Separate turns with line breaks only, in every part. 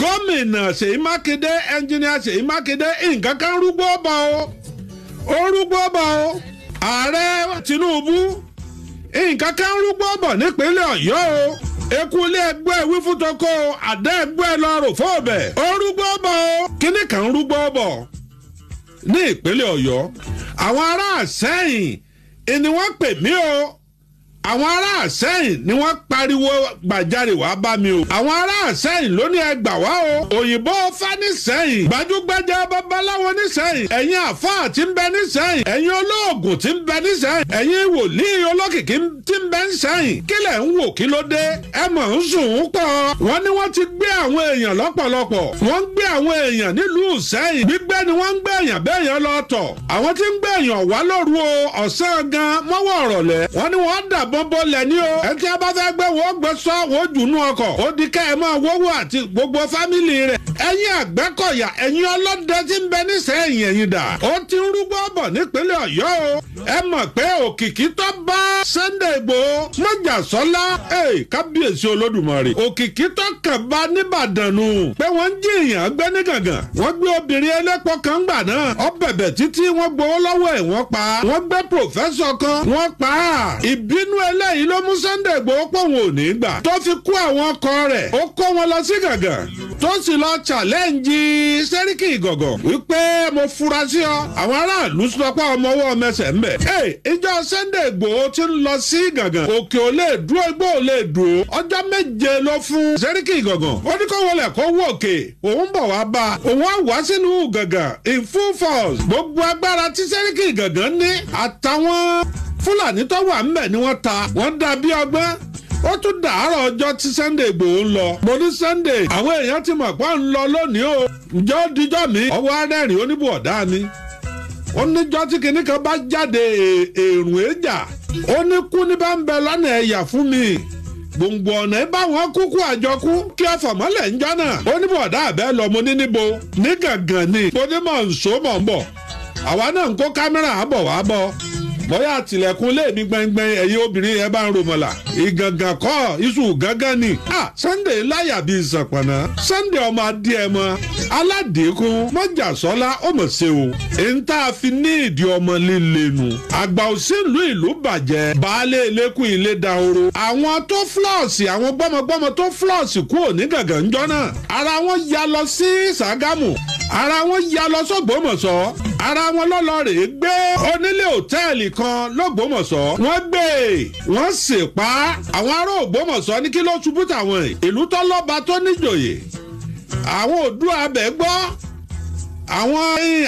gómìnà ṣèyí mákindé ẹnjìníà ṣèyí mákindé nǹkan kan rúgbó bọ̀ o ó o ààrẹ tinubu nǹkan kan rúgbó bọ̀ o ekunlé ẹgbẹ́ wífútọ́kọ àdá ẹgbẹ́ lọ́rùn fọ́ọ̀bẹ̀ ó rúgbó o kíní kan rúgbó bọ̀ ní àwọn àwọn ará àsẹ́yìn ni wọ́n pariwo gbàjarè wá bá mi o. àwọn ará àsẹ́yìn ló ní ẹgbà wá o. òyìnbó fá nísẹ́yìn. gbajúgbajà babaláwo nísẹ́yìn. ẹ̀yin àfáà tí ń bẹ nísẹ́yìn. ẹ̀yin olóògùn tí ń bẹ nísẹ́yìn. ẹ̀yin wòlíì olókìkí tí ń bẹ nísẹ́yìn. kílẹ̀ ń wò kí ló dé. ẹ mọ̀ ń sùn ń pọ̀. wọ́n ní wọ́n ti gbé àwọn èèyàn lọ́pọ̀lọpọ̀. wọ́n ń gbé àwọn ni wọ́n ń gbé èèyàn bẹ́ẹ̀yàn lọ́tọ̀. àwọn tí ń o ọ̀sán gan mọ́wọ́ ọ̀rọ̀lẹ́ àbọ̀bọ̀ lẹ̀ ní o. ẹ tí a bá fẹ́ gbé wo gbé sọ wo dùnú ọkọ̀ ó di ká ẹ máa wówó àti gbogbo fámìlì rẹ̀. ẹ̀yin àgbẹ̀kọ̀yà ẹ̀yin ọlọ́dẹ tí ń bẹ nísẹ̀yìn ẹ̀yìn dà ó ti ń rúgbó bọ̀ nípínlẹ̀ ọ̀yọ́ o. ẹ mọ̀ pé òkìkí tó bá Sunday Igboho Mọ́jàsọ́lá ee kábíyèsí olódùmarè òkìkí tó kàn bá nìbàdàn nù pé wọ́n ń jìyàn gbẹ́ ní gàngàn wọ́n gbé obìnrin ẹlẹ́pọ̀ kan gbà náà ọ bẹ̀bẹ̀ títí wọ́n gbowó lọ́wọ́ ẹ̀ wọ́n pa wọ́n gbé pòfẹ́sọ̀ kan wọ́n pa ìbínú eléyìí ló mú Sunday Igboho pòun ò ní gbà tó fi kó àwọn ọkọ rẹ̀ ó kó wọn lọ sí gàngàn tó sì lọ challenge Sẹ́ríkì Ìgàngàn wípé mo fura sí ọ àwọn aráàlú sọ pé ọmọ ọwọ́ mẹsẹ̀ ń bẹ̀. ìjọ Sunday Igboho ti ń lọ sí gàngàn òkè ò lè dúró igbó ò lè dúró ọjọ́ méje ló fún Sẹ́ríkì Ìgàngàn ó ní kó wọlé kó wọ òkè òun bọ̀ wá bá òun á wá sínú gàngàn in full force gbogbo agbára tí Sẹ́ríkì Ìgàngàn ní àtàwọn. fúlàní tó wà ńbẹ̀ ni wọ́n ta wọ́n dá bí ọgbọ́n ó tún dàárọ̀ ọjọ́ tí Sunday Igboho ń lọ mo ní Sunday àwọn èèyàn ti mọ̀ pé ń lọ lónìí o ǹjọ́ díjọ́ mi ọwọ́ arẹ́rìn oníbùọ̀dá ni ó níjọ́ tí kinní kan bá jáde èrùn èjà ó ní kú ní bá ń bẹ lọ́nà ẹ̀yà mi gbòǹgbò ọ̀nà ẹ wọn kúkú àjọkú kí ń jọ́nà ó ní àbẹ́ lọ mo ní níbo ní bóyá àtìlẹ̀kùn lé mi gbẹngbẹng ẹ̀yin obìnrin yẹn bá ń romọ̀là ìgangan kọ́ iṣu gángan ni. ah Sunday láyà bíi sàpànà Sunday ọmọ adìẹ mọ aládìkún mọ́jàsọ́lá ọmọ ṣe o. ń tá a fi ní ìdí ọmọ líle nu. àgbà òṣèlú ìlú bàjẹ́ baálé elékùn ilé dahoro. àwọn tó flọ́ọ̀sì àwọn gbọ́mọgbọ́mọ tó flọ́ọ̀sì kúrò ní gàngàn jọ ara wọn ya lọ sí Ṣàgámù ara wọn ya lọ sọ́gbọ́mọ̀ṣọ́ ara wọn lọ́lọ́ rèé gbé onílé òtẹ́ẹ̀lì kan lọ́gbọ́mọ̀ṣọ́ wọ́n gbé e wọ́n sì pa á àwọn ará ògbómọ̀ṣọ́ ní kí ló ṣubú tàwọn ẹ̀ ìlú tọ́lọ́ba tó níjòyè àwọn òdúrà abẹ gbọ́ àwọn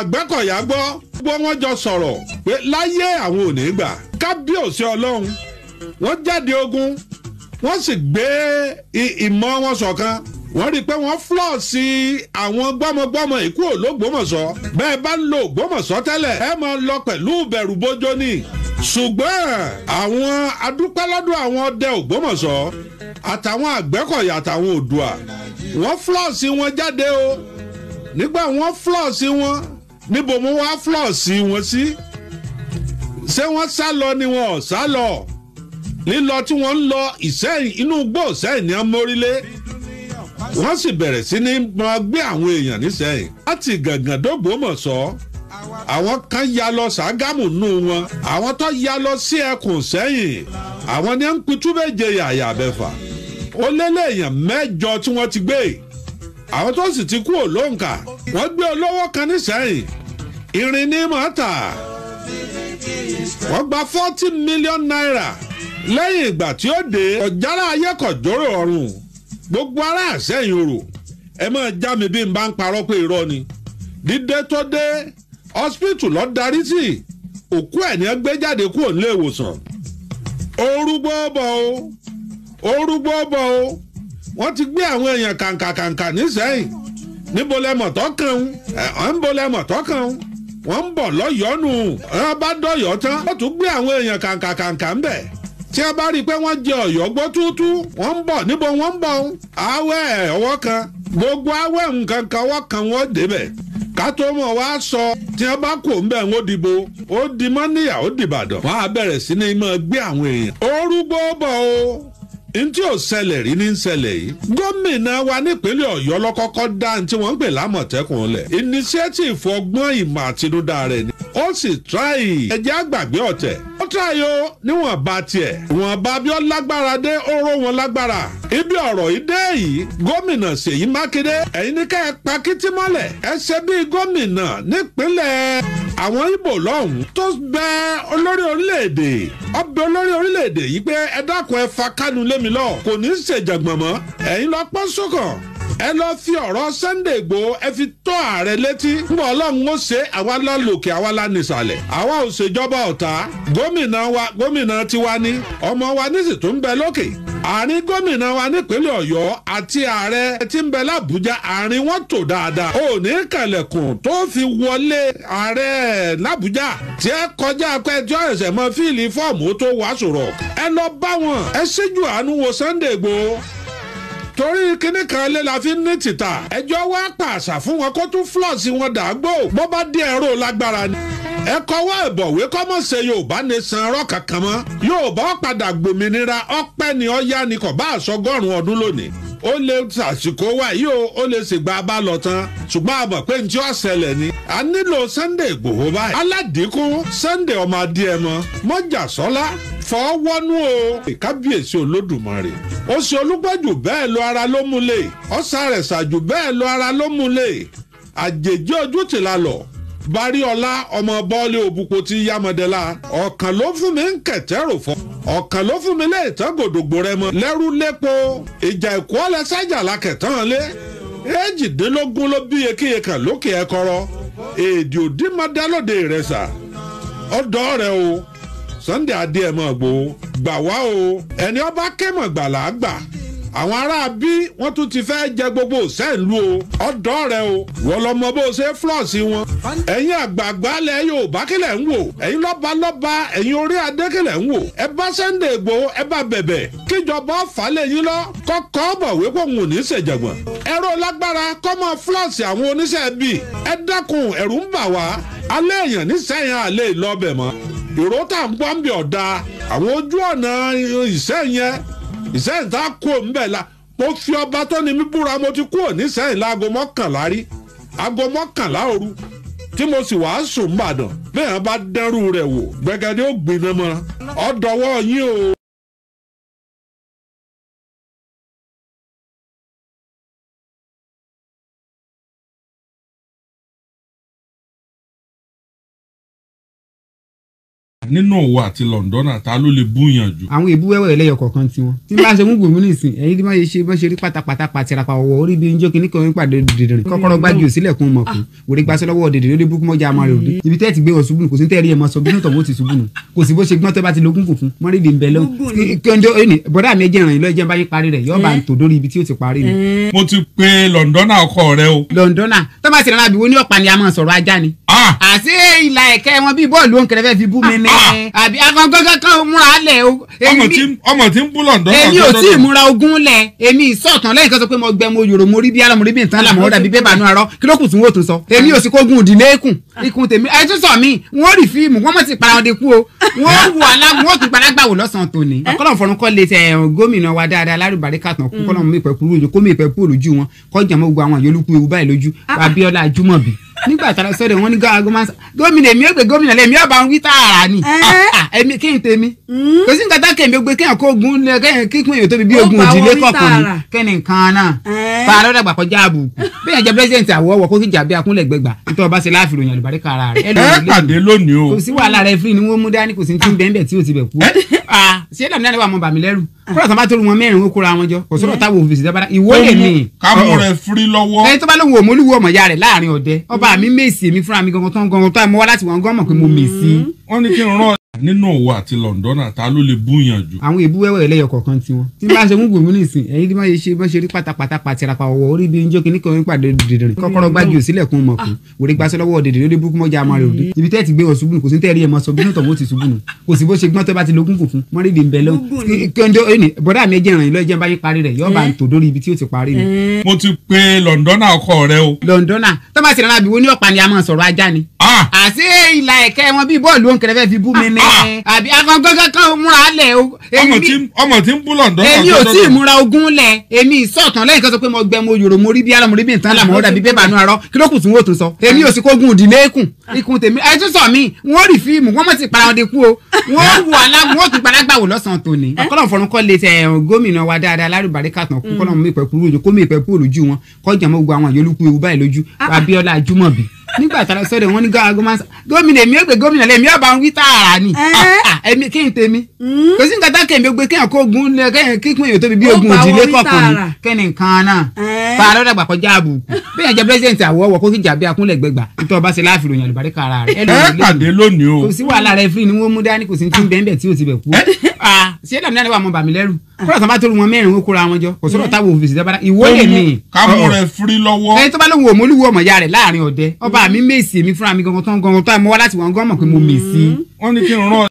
àgbẹ̀kọ̀yà gbọ́ gbọ́ wọ́n jọ sọ̀rọ̀ pé láyé àwọn ò ní gbà kábíyèsí ọlọ́run wọ́n jáde ogun wọ́n sì gbé ìmọ̀ wọn ṣọ̀kan wọ́n rí i pé wọ́n flọ́ọ̀sì àwọn gbọ́mọgbọ́mọ ìkú òlógbòmọ̀ṣọ́ bẹ́ẹ̀ bá ń lo ògbómọ̀ṣọ́ tẹ́lẹ̀ ẹ máa lọ pẹ̀lú bẹ̀rù bójó ni ṣùgbọ́n àwọn adúpẹ́lọ́dún àwọn ọdẹ ògbómọ̀ṣọ́ àtàwọn àgbẹ̀kọ̀yà àtàwọn òdùà wọ́n flọ́ọ̀sì wọn jáde o nígbà wọ́n flọ́ọ̀sì wọn níbo mo wá flọ́ọ̀sì wọn sí ṣé wọ́n sá lọ ni wọn ò sá lọ lílọ tí wọ́n ń lọ Ìṣẹ́yìn inú igbó Ìṣẹ́yìn ni wọ́n mórílé wọ́n sì bẹ̀rẹ̀ sí ní máa gbé àwọn èèyàn nísẹ̀yìn láti gàngàn dógbòmọ̀ṣọ́ àwọn kan ya lọ Ṣàgámù nù wọn àwọn tó ya lọ sí ẹkùn sẹ́yìn àwọn ní ń pitú méje yàyà àbẹ̀fà ó lé léèyàn mẹ́jọ tí wọ́n ti gbé àwọn tó sì ti kú òlóǹkà wọ́n gbé olówó kan nísẹ̀yìn irin ní mọ́tà wọ́n gba forty million naira lẹ́yìn ìgbà tí ó dé ọ̀jára ayé kò jóró ọ̀run. gbogbo ara àṣẹyìn orò ẹ máa já mi bí n bá ń parọ́ pé irọ́ ni dídé tó dé hospital lọ darí sí òkú ẹ̀ ní gbé jáde kúrò nílé ìwòsàn orúgbó bọ̀ o orúgbó bọ̀ o wọ́n ti gbé àwọn èèyàn kàǹkàkàǹkà nísẹ́yìn níbo lẹ́mọ̀ tọ́kàn ẹ̀ ń bo lẹ́mọ̀ tọ́kàn wọ́n ń bọ̀ lọ́yọ̀ọ́nù ẹ̀ bá dọ̀yọ̀ tán wọ́n tún gbé àwọn èèyàn kàǹkàkàǹkà ń tí a bá rí i pé wọ́n jẹ ọ̀yọ́ gbọ́ tútú, wọ́n ń bọ̀ níbo wọ́n ń bọ̀ awẹ́ ọwọ́ kan gbogbo awẹ́ nǹkan kan ọwọ́ kan wọ́n débẹ̀ ká mọ̀ wá sọ tí wọ́n bá kò ń bẹ̀ ń dìbò ó di ó wọ́n á bẹ̀rẹ̀ ní o ò ṣẹlẹ̀ rí ní ṣẹlẹ̀ yìí. wa nípínlẹ̀ ọ̀yọ́ lọ́kọ́kọ́ dá wọ́n ń pè lámọ̀tẹ́kùn lẹ̀. ìmọ̀ ó sì tíráì ẹ̀jẹ̀ àgbàgbé ọ̀tẹ̀ ó tíráì o níwọ̀n bá tiẹ̀ wọ́n bá bí ó lágbára dé ó ró wọn lágbára ibi ọ̀rọ̀ yìí dé yìí gómìnà Ṣèyí Mákindé ẹ̀yin ní ká ẹ pa kìtì mọ́lẹ̀ ẹ ṣe bíi gómìnà nípínlẹ̀ àwọn Ìgbò lọ́hùn tó bẹ olórí orílẹ̀-èdè ọbẹ̀ olórí orílẹ̀-èdè yìí pé ẹ dákun ẹ fa Kánú lémi lọ kò ní í ṣèjàgbọ̀n mọ́ ẹ̀yin lọ pọ́n sókàn ẹ lọ fi ọ̀rọ̀ Sunday Igboho ẹ fi tó ààrẹ létí fúnbọ̀ ọlọ́run ó ṣe àwa lálòkè àwa lánìsàlẹ̀ àwa ò ṣèjọba ọ̀tá gómìnà wa gómìnà tiwa ni ọmọ wa nísì tó ń bẹ lókè àárín gómìnà wa nípínlẹ̀ Ọ̀yọ́ àti ààrẹ tí ń bẹ lábújá àárín wọn tò dáadáa ò ní kẹlẹ̀kùn tó fi wọlé ààrẹ lábújá tí ẹ kọjá pẹ́ẹ́jọ́ ẹ̀sẹ̀ mọ́ fíìlì fọ́ọ̀mù tó wàásù rọ̀ ẹ lọ bá wọn ẹ ṣíjú àánú wo Sunday Igboho torí kíní kan lé la fi ní títà ẹjọ́ wá pàṣà fún wọn kó tún flọ́ọ̀sì wọn dàgbò bó bá dín ẹ̀rọ lágbára ni. ẹ kọ́wọ́ ìbọ̀wé kọ́mọ̀ ṣe yorùbá ní san ọ̀rọ̀ kankan mọ́ yorùbá padà gbòmìnira ọpẹ́ ni ọ̀yá ni kò bá àṣọgọ́rùn-ún ọdún lónìí ó lè ṣàsìkò wá yìí o ó lè ṣègbà bá lọ tán ṣùgbọ́n àbọ̀ pé ní tí ni a nílò Sunday Ìgbòho báyìí aládìíkún Sunday ọmọ adìẹ mọ mọ́jà sọ́lá fọwọ́nú o kábíyèsí olódùmarè ó ṣe olúgbàjù bẹ́ẹ̀ lọ ara ló múlẹ̀ ọ̀sà rẹ̀ ṣàjù bẹ́ẹ̀ lọ ara ló múlẹ̀ àjèjì ojú tìlá lọ Bariola ọmọ bọ́ọ̀lì òbúkọ ti yámọ̀dẹ́lá ọ̀kan ló fún mi ń kẹ̀tẹ́rò fún. ọ̀kan ló fún mi lé ìtàn gòdògbò rẹ mọ lẹ́rú lépo ìjà ìkó ọlẹ́sàjà lákẹ̀tàn lé èjìdínlógún ló bí ekéye kan lókè ẹ̀kọ́rọ́ èdè òdì máa dá lóde ìrẹsà ọ̀dọ́ rẹ o Sunday adé mọ̀ gbà ọba kẹ́mọ̀ gbà agba. àwọn ará bí wọ́n tún ti fẹ́ jẹ gbogbo sẹ́ẹ̀lú o ọ̀dọ́ rẹ o wọ́n lọ mọ bó ṣe flọ́ọ̀sì wọn. ẹ̀yin àgbààgbà lẹ Yorùbá kílẹ̀ ń wò ẹ̀yin lọ́ba lọ́ba ẹ̀yin orí adé kílẹ̀ ń wò ẹ bá Sunday Igboho ẹ bá bẹ̀bẹ̀ kíjọba falẹ̀ yín lọ kọ́kọ́ bọ̀ wípé òun ò ní ṣèjàgbọ̀n. ẹ̀rọ lágbára kọ́ mọ flọ́ọ̀sì àwọn oníṣẹ́ bíi ẹ dákun ẹ̀rù ń bà wá alẹ́ èèyàn níṣẹ́yìn àlè lọ́bẹ̀ mọ́ ìró tá ń gbọ́ ń ọ̀dà àwọn ojú ọ̀nà ìṣẹ́yìn ìsẹ́yìn tá a kú òun bẹ̀ la mo fi ọba tó ni mí búra mo ti kú òní sẹ́yìn láago mọ́kànlá rí aago mọ́kànlá òru tí mo sì wàá sùn ń bàdàn bẹ́ẹ̀ bá dẹ́rù rẹ̀ wò gbẹ̀gẹ́dẹ́ ó gbiná mọ́ ọ dọwọ́ yín o. nínú òwò àti londona ta ló lè búyàn jù. àwọn èbú wẹ́wẹ́ ẹlẹ́yọ kọ̀ọ̀kan tiwọn tí bá ṣe mú gbòmí nìsín ẹ̀yin
tí bá ṣe bá ṣe rí pátápátá pàtìràpà ọ̀wọ́ orí bí njó kìíní kan pàdé dèdè rìn kọ́kọ́rọ́ gbájú sílẹ̀ kún mọ̀ kù wòlé gbaṣẹ́ lọ́wọ́ dèdè lórí búkú mọ́jà máa rẹ̀ òde ibi tẹ́ẹ̀ ti gbé wọn ṣubúnù kò sí tẹ́ẹ̀rí ẹ̀ máa sọ bínú tọ̀wọ́ ti ṣubúnù kò sí bó ṣe gbọ́n tó bá ti lókun kùn fún mọ́rí di nbẹ̀ lọ́wọ́ bọ́dà mi jẹ́ ìrìn lọ́ọ́ jẹ́ bá yín parí rẹ̀ yọ́ọ́ bá ń tò dórí ibi tí ó ti parí rẹ̀. mo ti pe londona ọkọ rẹ o. londona tó bá ti rárá bí wo ní ọ̀pá ni a máa sọ̀rọ̀ ajá ni àti ìlà ẹ̀kẹ́ wọn bíi bọ́ọ̀lù òǹkẹrẹ fẹ́ fi bú mi ni ah, ah. àbí agangangan kan múra lẹ̀ o. ọmọ tí ń bú lọ́ndọ́ èmi ò tí ì múra ogún lẹ̀ èmi ìsọ̀tàn lẹ́yìn kan sọ pé mo gbẹ mo yòrò mo rí bí alámọ̀rí bí nǹkan làmọ́ dàbí bébà nù arọ́ kí ló kù tí wọ́n tún sọ èmi ò sì kógun òdìlé ikùn ikùn tèmi ẹ tún sọ mí wọ́n rì fíìmù wọ́n mọ̀ sí para o mm. wọn kọjá mọ́ gbogbo nígbà tí a sọ̀rọ̀ wọn ní gómìnà èmi ò gbé gómìnà lẹ́mi ọba ń wí tààrà ni ah, ah, ah, èmi kí n tèmi hmm. kò sí nǹkan tá kèmí gbé kéèyàn kó ogun kíkún èèyàn tóbi bí ogun òdìlé kọ̀ọ̀kan ni kẹ́ni nǹkan náà fa alọ́dà gbà kọjá àbùkù bẹ́ẹ̀ jẹ́ pírẹ́sidẹ̀ntì àwọ̀wọ̀ kó kíjà bí akúnlẹ̀gbẹ̀gbà nítorí ọba ṣe láàfin ròyìn àlùbáríkà ara rẹ̀ ẹ̀ pàdé lónìí o kò sí wàhálà rẹ̀ fún ni wọ́n kò sí ti ń bẹ́ẹ̀ bẹ́ẹ̀ tí ò ti bẹ̀ kú ṣé làmì náà wà mọ bàmí lẹ́rù ah. kúrò tó bá tó wọn mẹ́rin ó kóra wọn jọ kò sọ̀rọ̀ táwọn òfìsì dábàrà ìwọ lè mi. kámú rẹ firi lọ́wọ́. ẹni tó bá lóun òmòlúwo ọmọ ya rẹ láàrin ọdẹ ọba mi mèsì èmi fúnra mi gangan tán gangan tán mo wá láti wọn gán mọ pé mo mèsì. Mm-hmm. wọ́n ní kí n rán nínú òwò àti lọ́ndọ́nà ta ló lè búyànjú. àwọn èbú wẹ́wẹ́ ẹlẹ́yọ kọ̀ọ̀kan tí wọ́n. tí bá ṣe mú bòmí nìsín ẹ̀yin tí wọ́n ṣe bọ́n ṣe rí pátápátá pàtìrapà ọ̀wọ́ orí bí njó kìíní kan pàdé dèdè rẹ̀ kọ́kọ́rọ́ gbájú sílẹ̀ kún mọ̀ kún òde gbaṣẹ́ lọ́wọ́ dèdè lórí búkú mọ́jà àmọ́ rẹ̀ òde. ibi tẹ́ẹ̀ ti gbé wọn ṣubú kò sí tẹ́ẹ̀rí ẹ̀ mọ́ sọ bínú tọ̀wọ́ ti ṣubú nù kò sí bó ṣe gbọ́n tẹ́ bá ti lókun kò fún mọ́ rí ìdìbẹ̀ lọ. kẹ́ńdé ẹni bọ́dà mi jẹ́ ìrìn lọ́ọ́ jẹ́ báyìí parí rẹ̀ yóò bá ń tò dórí ibi tí ó ti parí ni. mo ti pe lọ́ndọ́nà ọkọ rẹ o. lọ́ndọ́nà tọ́másì rẹ̀ rábì wo ní ọ̀pá ni a máa sọ̀rọ̀ ajá ni àti ìlà ẹ̀kẹ́ wọn bí bọ́ọ̀lù òǹkẹ̀rẹ́ fẹ́ fi bú mi ní. Ah, ah. àbí akọ̀gọ́gọ́ kan múra lẹ̀ o. ọmọ tí ń bú lọ́ndọ́. èmi ò tí ì múra ogún lẹ̀ èmi ìsọ̀tàn lẹ́yìn kan sọ pé mo gbẹ mo yòrò mo rí bí alámọ̀ rí bí nǹkan làmọ̀ dàbí bẹ́ẹ̀ bá nu arọ́ kí ló kù tí wọ́n tún sọ. èmi ò sì kógun òdìlé ikùn ah. ikùn tèmi ẹ tún sọ mi wọ́n rì fíìmù wọ́n mọ̀ sí para wọn de kú o wọ́n wù alá wọ́n tún gbalagbà wò lọ́sàn-án tòní. ọkọlọ́n fọ̀run kọ́ lè tẹ ẹ̀rùn gómìnà wa dáadáa lárúbárí kàtàn kó mm. kọ́lọ́n mú ìpẹ́kúrú òjò kó mú ìpẹ́kúrú òjò wọn kọ́jà mọ́ gbogbo àwọn àyọlùkù ewu báyìí lójú Abíọ́lá Àjùmọ̀bí nígbà tára sọ̀rọ̀ wọn ní gómìnà gómìnà èmi ò gbé gómìnà lẹ́mi ọba ń wí tààrà ni ah, ah, ah, èmi kí n tèmi hmm. kò sí nǹkan tá kẹ̀mí gbé kéèyàn kó ogun kíkún èèyàn tóbi bí ogun òdìlé kọ̀ọ̀kan ni kẹ́ni nǹkan náà fa alọ́dà gbà kọjá àbùkù bẹ́ẹ̀ yẹn jẹ́ president àwọ̀wọ̀ kó kíjà bí akúnlẹ̀ gbẹgbà tó bá ṣe láàfin ròyìn àlùbáríkà ara rẹ̀ ẹ̀ pàdé lónìí o kò sí wàhálà rẹ̀ fún ni wọ́n mú dání kò sí ti ń bẹ́ẹ̀ tí ò ti bẹ̀ kú ṣé làmì náà lè wà mọ bàmí lẹ́rù ah. kúrò tó bá tó lu wọn mẹ́rin ó kóra wọn jọ kò sọ̀rọ̀ mm. táwọn òfìsì dábàdà ìwọ lè ní. kámú rẹ firi lọ́wọ́. ẹni tó bá lóun òmólúwo ọmọ ya rẹ láàrin ọdẹ ọba mi mm. mèsì èmi fúnra mi gangan tán gangan tán mo wá láti wọn gán mọ̀ pé mo mèsì. Mm. wọ́n ní kí n rán